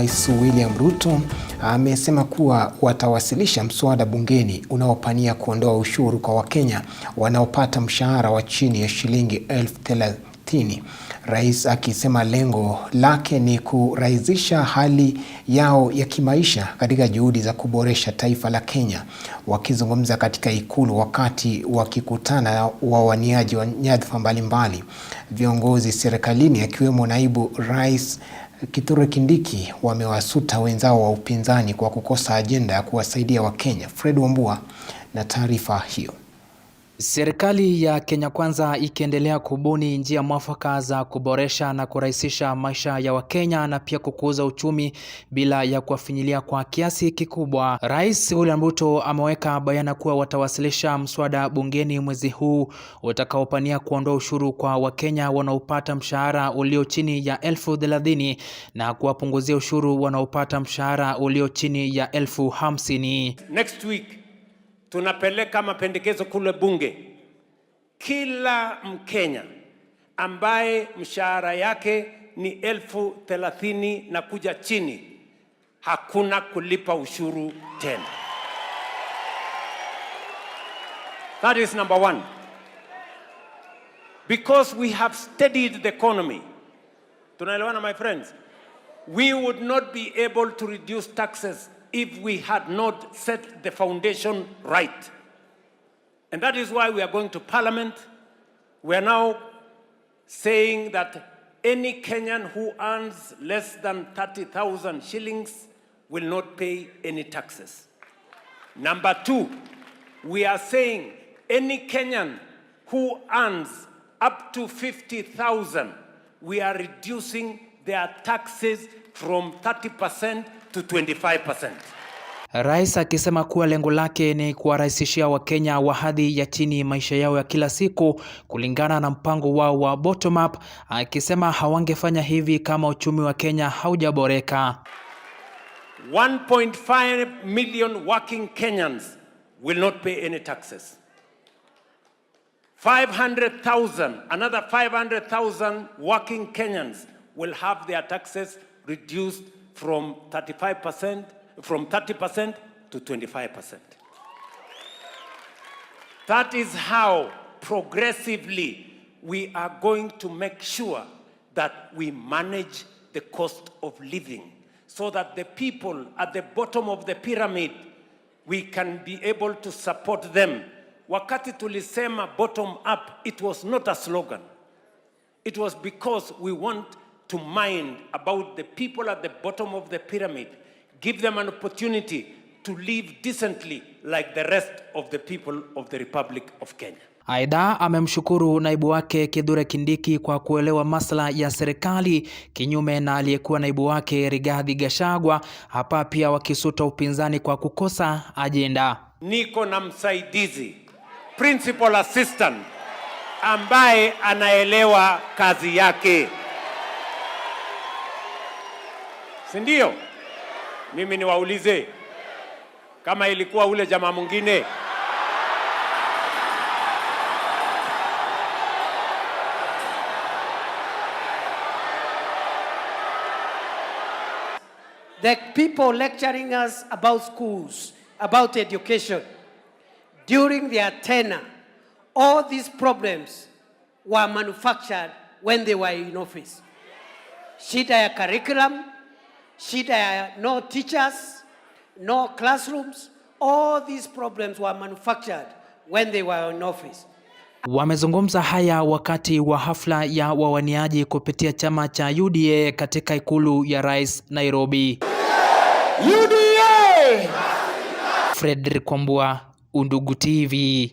Rais William Ruto amesema kuwa watawasilisha mswada bungeni unaopania kuondoa ushuru kwa Wakenya wanaopata mshahara wa chini ya shilingi elfu thelathini. Rais akisema lengo lake ni kurahisisha hali yao ya kimaisha katika juhudi za kuboresha taifa la Kenya. Wakizungumza katika Ikulu wakati wakikutana na wawaniaji wa nyadhifa mbalimbali, viongozi serikalini akiwemo naibu rais Kithure Kindiki wamewasuta wenzao wa upinzani kwa kukosa ajenda ya kuwasaidia Wakenya. Fred Wambua na taarifa hiyo. Serikali ya Kenya Kwanza ikiendelea kubuni njia mwafaka za kuboresha na kurahisisha maisha ya Wakenya na pia kukuza uchumi bila ya kuwafinyilia kwa kiasi kikubwa. Rais William Ruto ameweka bayana kuwa watawasilisha mswada bungeni mwezi huu utakaopania kuondoa ushuru kwa Wakenya wanaopata mshahara ulio chini ya elfu thelathini na kuwapunguzia ushuru wanaopata mshahara ulio chini ya elfu hamsini. Next week tunapeleka mapendekezo kule Bunge. Kila Mkenya ambaye mshahara yake ni elfu thelathini na kuja chini, hakuna kulipa ushuru tena. That is number one. Because we have steadied the economy. Tunaelewana, my friends? We would not be able to reduce taxes if we had not set the foundation right. And that is why we are going to Parliament. We are now saying that any Kenyan who earns less than 30,000 shillings will not pay any taxes. Number two, we are saying any Kenyan who earns up to 50,000, we are reducing their taxes from 30% to 25%. Rais akisema kuwa lengo lake ni kuwarahisishia Wakenya wa hadhi ya chini maisha yao ya kila siku kulingana na mpango wao wa bottom up, akisema hawangefanya hivi kama uchumi wa Kenya haujaboreka. 1.5 million working Kenyans will not pay any taxes. 500,000, another 500,000 working Kenyans will have their taxes reduced from 35% from 30% to 25%. That is how progressively we are going to make sure that we manage the cost of living so that the people at the bottom of the pyramid we can be able to support them. Wakati tulisema bottom up, it was not a slogan. It was because we want to mind about the people at the bottom of the pyramid, give them an opportunity to live decently like the rest of the people of the Republic of Kenya. Aidha, amemshukuru naibu wake Kithure Kindiki kwa kuelewa masuala ya serikali, kinyume na aliyekuwa naibu wake Rigathi Gachagua, hapa pia wakisuta upinzani kwa kukosa ajenda. Niko na msaidizi principal assistant ambaye anaelewa kazi yake si ndio? Mimi niwaulize kama ilikuwa ule jamaa mwingine the people lecturing us about schools, about education, during their tenure, all these problems were manufactured when they were in office. Shida ya curriculum, shida ya no teachers, no classrooms, all these problems were manufactured when they were in office. Wamezungumza haya wakati wa hafla ya wawaniaji kupitia chama cha UDA katika ikulu ya Rais Nairobi. UDA! Fredrick Kwambua, Undugu TV.